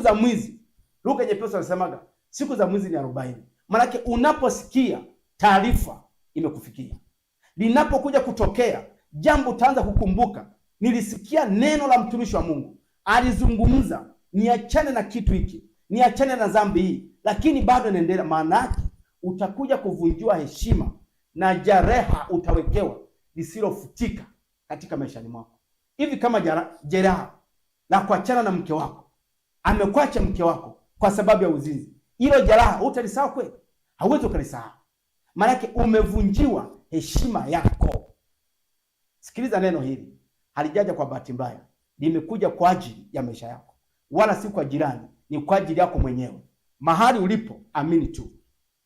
siku za mwizi, lugha nyepesi anasemaga siku za mwizi ni arobaini. Maanake unaposikia taarifa imekufikia, linapokuja kutokea jambo, utaanza kukumbuka, nilisikia neno la mtumishi wa Mungu alizungumza, niachane na kitu hiki, niachane na dhambi hii, lakini bado inaendelea. Maana yake utakuja kuvunjiwa heshima na jeraha utawekewa lisilofutika katika maishani mwako, hivi kama jeraha la kuachana na mke wako amekwacha mke wako kwa sababu ya uzinzi, hilo jeraha utalisahau kweli? Hauwezi ukalisahau, maanake umevunjiwa heshima yako. Sikiliza, neno hili halijaja kwa bahati mbaya, limekuja kwa ajili ya maisha yako, wala si kwa jirani, ni kwa ajili yako mwenyewe. Mahali ulipo, amini tu,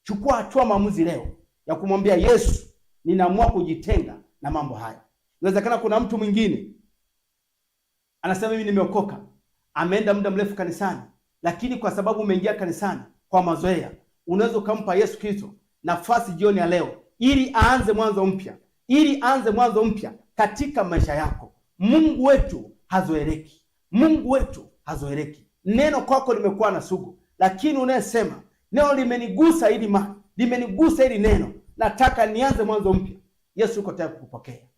chukua hatua, maamuzi leo ya kumwambia Yesu, ninaamua kujitenga na mambo haya. Inawezekana kuna mtu mwingine anasema mimi nimeokoka ameenda muda mrefu kanisani, lakini kwa sababu umeingia kanisani kwa mazoea, unaweza ukampa Yesu Kristo nafasi jioni ya leo, ili aanze mwanzo mpya, ili aanze mwanzo mpya katika maisha yako. Mungu wetu hazoeleki, Mungu wetu hazoeleki. Neno kwako limekuwa na sugu, lakini unayesema neno limenigusa, ili ma limenigusa ili neno, nataka nianze mwanzo mpya. Yesu yuko tayari kukupokea,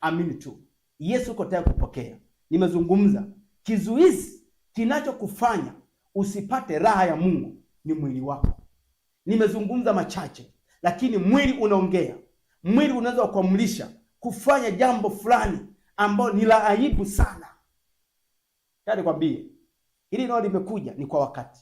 amini tu. Yesu yuko tayari kukupokea. Nimezungumza kizuizi Kinachokufanya usipate raha ya Mungu ni mwili wako. Nimezungumza machache, lakini mwili unaongea. Mwili unaweza kuamrisha kufanya jambo fulani ambalo ni la aibu sana. Nikwambie hili nalo limekuja ni kwa wakati.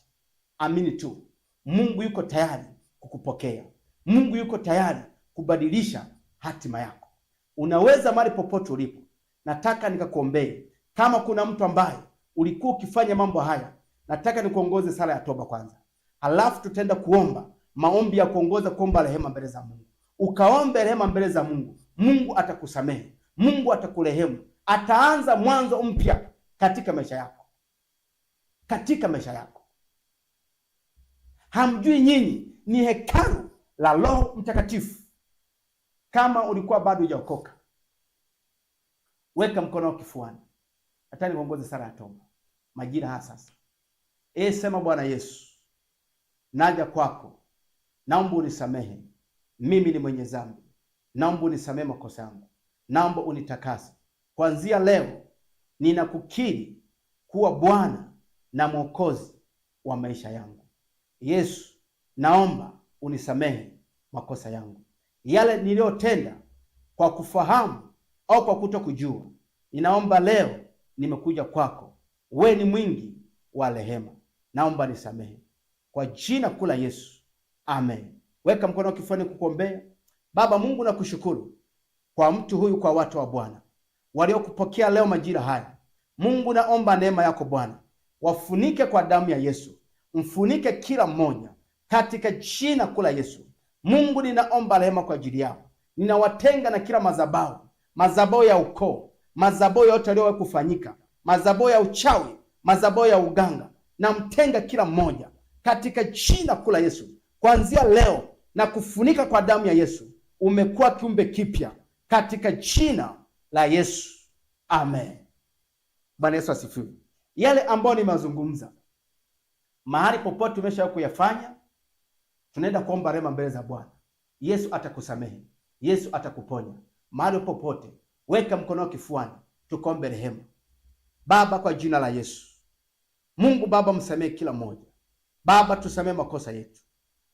Amini tu, Mungu yuko tayari kukupokea. Mungu yuko tayari kubadilisha hatima yako. Unaweza mahali popote ulipo, nataka nikakuombee. Kama kuna mtu ambaye ulikuwa ukifanya mambo haya, nataka nikuongoze sala ya toba kwanza, halafu tutaenda kuomba maombi ya kuongoza kuomba rehema mbele za Mungu. Ukaombe rehema mbele za Mungu, Mungu atakusamehe, Mungu atakurehemu, ataanza mwanzo mpya katika maisha yako, katika maisha yako. Hamjui nyinyi ni hekalu la Roho Mtakatifu. Kama ulikuwa bado hujaokoka, weka mkono wako kifuani. Daktari mwongoze sala ya toba majira haya sasa. E, sema Bwana Yesu, naja kwako, naomba unisamehe, mimi ni mwenye dhambi, naomba unisamehe makosa yangu, naomba unitakase. Kuanzia leo ninakukiri kuwa Bwana na Mwokozi wa maisha yangu. Yesu, naomba unisamehe makosa yangu yale niliyotenda kwa kufahamu au kwa kuto kujua Ninaomba leo nimekuja kwako, we ni mwingi wa rehema, naomba nisamehe. Kwa jina kuu la Yesu, amen. Weka mkono wa kifuani kukuombea. Baba Mungu, nakushukuru kwa mtu huyu, kwa watu wa Bwana waliokupokea leo majira haya. Mungu, naomba neema yako Bwana, wafunike kwa damu ya Yesu, mfunike kila mmoja katika jina kuu la Yesu. Mungu, ninaomba rehema kwa ajili yao, ninawatenga na kila madhabahu, madhabahu ya ukoo madhabahu yote yaliyowahi kufanyika, madhabahu ya uchawi, madhabahu ya uganga, na mtenga kila mmoja katika jina kula Yesu. Kuanzia leo na kufunika kwa damu ya Yesu, umekuwa kiumbe kipya katika jina la Yesu, amen. Bwana Yesu asifiwe. Yale ambayo nimezungumza mahali popote tumesha kuyafanya, tunaenda kuomba rehema mbele za Bwana. Yesu atakusamehe, Yesu atakuponya mahali popote Weka mkono kifuani, tukombe rehema. Baba, kwa jina la Yesu, Mungu Baba, msamehe kila mmoja. Baba, tusamehe makosa yetu,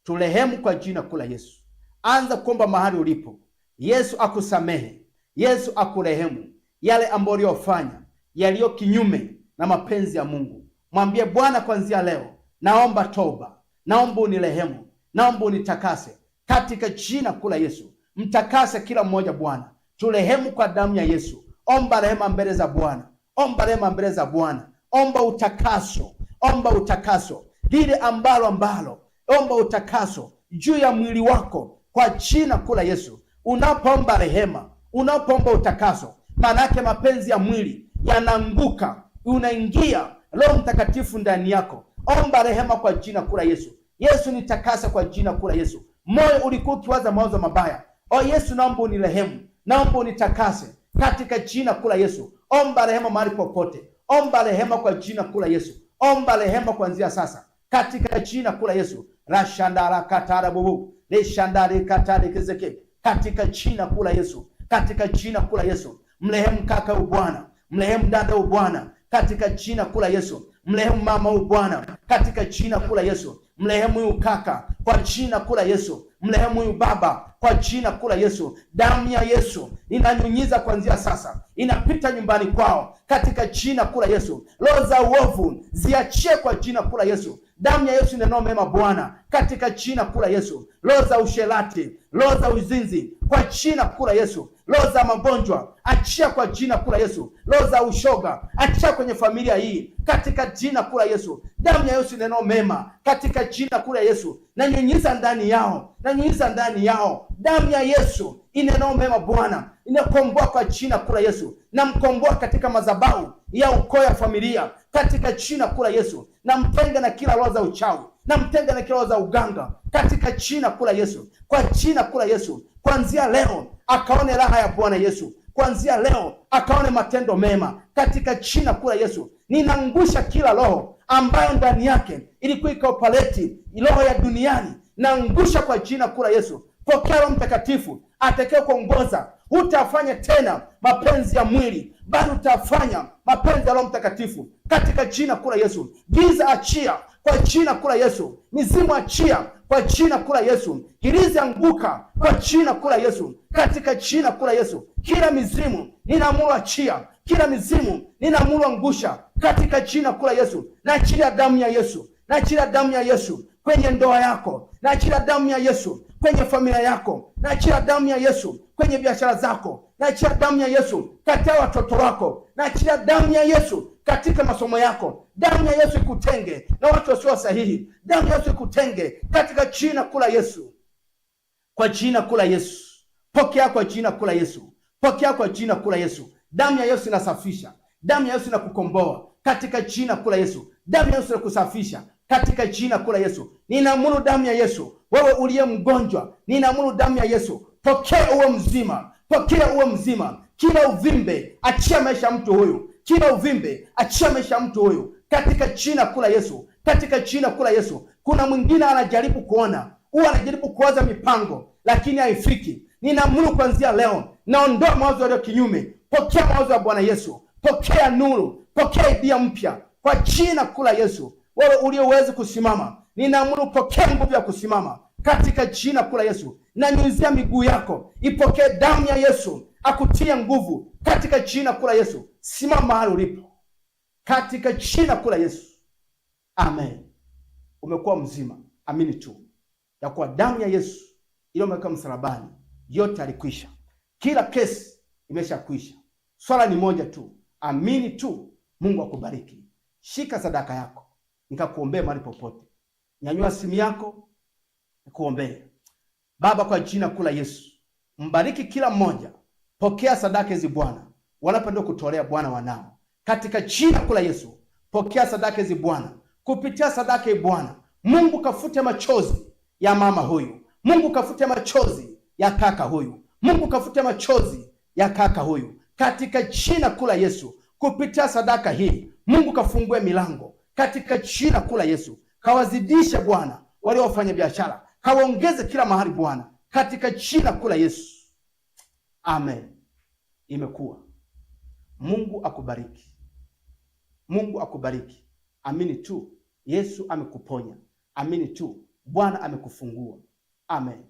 turehemu kwa jina kula Yesu. Anza kuomba mahali ulipo, Yesu akusamehe, Yesu akurehemu yale ambayo uliyofanya yaliyo kinyume na mapenzi ya Mungu. Mwambie Bwana, kuanzia leo naomba toba, naomba unirehemu, naomba unitakase katika jina kula Yesu. Mtakase kila mmoja Bwana Turehemu kwa damu ya Yesu. Omba rehema mbele za Bwana, omba rehema mbele za Bwana, omba utakaso, omba utakaso lile ambalo ambalo, omba utakaso juu ya mwili wako kwa jina kula Yesu. Unapoomba rehema, unapoomba utakaso, maana yake mapenzi ya mwili yanaanguka, unaingia Roho Mtakatifu ndani yako. Omba rehema kwa jina kula Yesu. Yesu nitakasa kwa jina kula Yesu. Moyo ulikuwa ukiwaza mawazo mabaya, o Yesu naomba unirehemu naomba unitakase katika jina kula Yesu. Omba rehema mahali popote, omba rehema kwa jina kula Yesu, omba rehema kuanzia sasa katika jina kula Yesu. rashandara katara bubu leshandari katari kizeke katika jina kula Yesu, katika jina kula Yesu. Mrehemu kaka ubwana, mrehemu dada ubwana, katika jina kula Yesu. Mrehemu mama ubwana, katika jina kula Yesu. Mrehemu huyu kaka kwa jina kula Yesu. Mrehemu huyu baba kwa jina kula Yesu. Damu ya Yesu inanyunyiza kuanzia sasa, inapita nyumbani kwao katika jina kula Yesu. Roho za uovu ziachie kwa jina kula Yesu. Damu ya Yesu inanao mema Bwana, katika jina kula Yesu. Roho za usherati, roho za uzinzi, kwa jina kula Yesu Roho za magonjwa achia kwa jina kula Yesu. Roho za ushoga achia kwenye familia hii katika jina kula Yesu. Damu ya Yesu neno mema katika jina kula Yesu, nanyunyiza ndani yao, nanyunyiza ndani yao. Damu ya Yesu ineno mema Bwana, inakomboa kwa jina kula Yesu. Namkomboa katika madhabahu ya ukoo ya familia katika jina kula Yesu. Namtenga na kila roho za uchawi na mtenge na kiroho za uganga katika jina kula Yesu, kwa jina kula Yesu. Kuanzia leo akaone raha ya Bwana Yesu, kuanzia leo akaone matendo mema katika jina kula Yesu. Ninaangusha kila roho ambayo ndani yake ilikuwa ikaopaleti roho ya duniani, naangusha kwa jina kula Yesu. Pokea Roho Mtakatifu atakaye kuongoza. utafanya tena mapenzi ya mwili, bali utafanya mapenzi ya Roho Mtakatifu katika jina kula Yesu. Giza achia kwa jina kula Yesu. Mizimu achia kwa jina kula Yesu. Hirizi anguka kwa jina kula Yesu, katika jina kula Yesu. Kila mizimu ninaamuru achia, kila mizimu ninaamuru angusha, katika jina kula Yesu. Naachilia damu ya Yesu, naachilia damu ya Yesu kwenye ndoa yako, naachilia damu ya Yesu kwenye familia yako, naachilia damu ya Yesu kwenye biashara zako, naachilia damu ya Yesu katika watoto wako, naachilia damu ya Yesu katika masomo yako Damu ya Yesu ikutenge na watu wasio sahihi. Damu ya Yesu ikutenge katika jina kula Yesu, kwa jina kula Yesu, pokea kwa jina kula Yesu, pokea kwa jina kula Yesu. Damu ya Yesu inasafisha, damu ya Yesu inakukomboa katika jina kula Yesu, damu ya Yesu inakusafisha katika jina kula Yesu. Ninaamuru damu ya Yesu. Wewe uliye mgonjwa, ninaamuru damu ya Yesu, pokea uwe mzima, pokea uwe mzima. Kila uvimbe, achia maisha mtu huyu kila uvimbe, achia maisha mtu huyu katika china kula Yesu, katika china kula Yesu. Kuna mwingine anajaribu kuona, huwa anajaribu kuwaza mipango lakini haifiki. Ninaamuru kuanzia leo, naondoa mawazo yaliyo kinyume. Pokea mawazo ya Bwana Yesu, pokea nuru, pokea idia mpya kwa china kula Yesu. Wewe uliyeweza kusimama, ninaamuru pokea nguvu ya kusimama katika jina kula Yesu. Nanyunyizia miguu yako, ipokee damu ya Yesu akutia nguvu katika jina kula Yesu. Simama mahali ulipo katika jina kula Yesu. Amen. Umekuwa mzima, amini tu ya kuwa damu ya Yesu iliyomweka msalabani yote alikwisha, kila kesi imeshakwisha. Swala ni moja tu, amini tu. Mungu akubariki. Shika sadaka yako, nikakuombee mahali popote. Nyanyua simu yako, nikuombee. Baba, kwa jina kula Yesu, mbariki kila mmoja Pokea sadaka hizi Bwana, wanapenda kutolea Bwana wanao katika jina kula Yesu. Pokea sadaka hizi Bwana, kupitia sadaka hii Bwana Mungu kafute machozi ya mama huyu, Mungu kafute machozi ya kaka huyu, Mungu kafute machozi ya kaka huyu katika jina kula Yesu. Kupitia sadaka hii Mungu kafungue milango katika jina kula Yesu, kawazidisha Bwana waliofanya biashara, kawaongeze kila mahali Bwana katika jina kula Yesu. Amen. Imekuwa. Mungu akubariki. Mungu akubariki. Amini tu Yesu amekuponya. Amini tu Bwana amekufungua. Amen.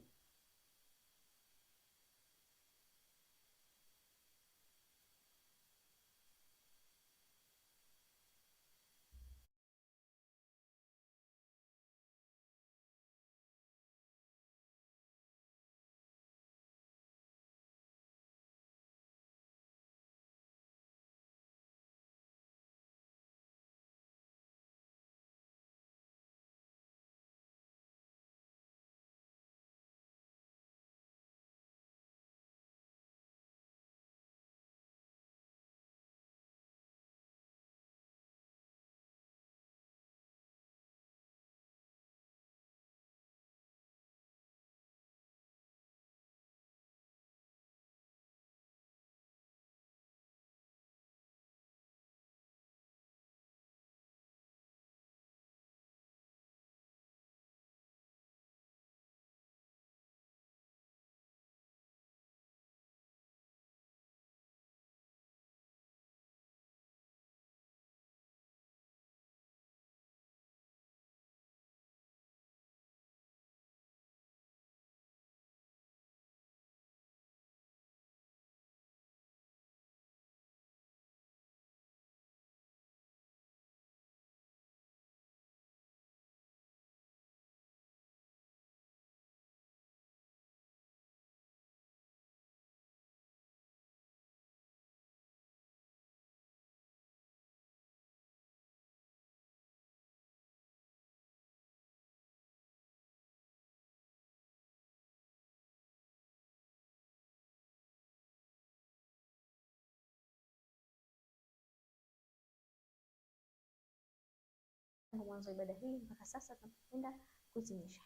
tangu mwanzo ibada hii mpaka sasa tunapenda kuitimisha.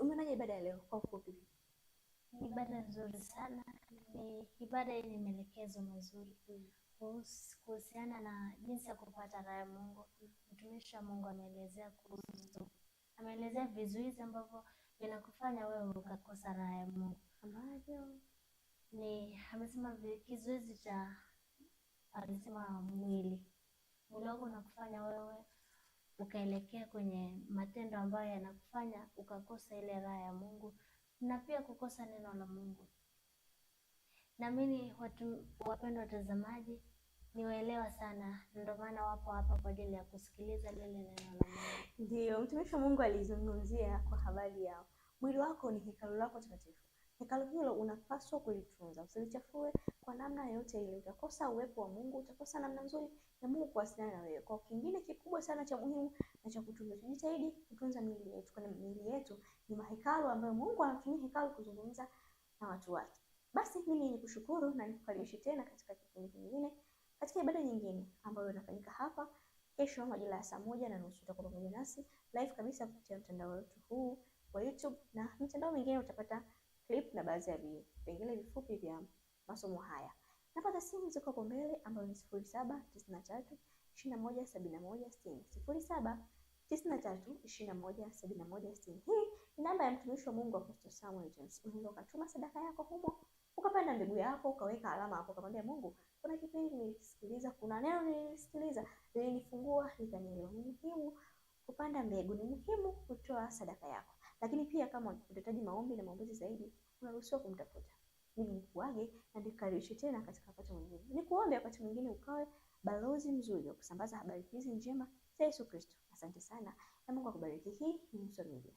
Umeonaje ibada ya leo kwa ufupi? Ibada nzuri sana, ni ibada yenye maelekezo mazuri kuhusiana na jinsi ya kupata raha ya Mungu. Mtumishi wa Mungu ameelezea kuhusu, ameelezea vizuizi ambavyo vinakufanya wewe ukakosa raha ya Mungu ambavyo ni amesema kizuizi cha alisema mwili mwili wako unakufanya wewe ukaelekea kwenye matendo ambayo yanakufanya ukakosa ile raha ya Mungu na pia kukosa neno la Mungu. Naamini watu, wapendwa watazamaji, niwaelewa sana, ndio maana wapo hapa kwa ajili ya kusikiliza lile neno la Mungu. Ndio mtumishi wa Mungu alizungumzia kwa habari ya mwili wako ni hekalu lako takatifu Hekalu hilo unapaswa kulitunza, usilichafue kwa namna yoyote ile. Utakosa uwepo wa Mungu, utakosa namna nzuri ya Mungu kuwasiliana na wewe. Kwa kingine kikubwa sana cha muhimu na cha kutunza, tujitahidi kutunza miili yetu, kwani miili yetu ni mahekalu ambayo Mungu anatumia hekalu kuzungumza na watu wake. Basi mimi ni kushukuru na nikukaribishe tena katika kipindi kingine, katika ibada nyingine ambayo inafanyika hapa kesho majira ya saa moja na nusu. Utakuwa pamoja nasi live kabisa kupitia mtandao wetu huu wa YouTube na mitandao mingine utapata clip na baadhi ya vipengele vifupi vya masomo haya. Napata simu ziko hapo mbele ambayo ni sifuri saba tisini na tatu ishirini na moja sabini na moja sitini sifuri saba tisini na tatu ishirini na moja sabini na moja sitini. Hii ni namba ya mtumishi wa Mungu Apostle Samuel James. Unaweza ukatuma sadaka yako humo, ukapanda mbegu yako, ukaweka alama hapo, ukamwambia Mungu, kuna kipindi nilisikiliza, kuna neno nilisikiliza, lilinifungua, nikanielewa. Ni muhimu kupanda mbegu, ni muhimu kutoa sadaka yako. Lakini pia kama utahitaji maombi na maombezi zaidi, unaruhusiwa kumtafuta Mimi nikuage na nikukaribishe tena katika wakati mwingine. Nikuombe wakati mwingine ukawe balozi mzuri wa kusambaza habari hizi njema za Yesu Kristo. Asante sana na Mungu akubariki. Hii ni Mswa Media.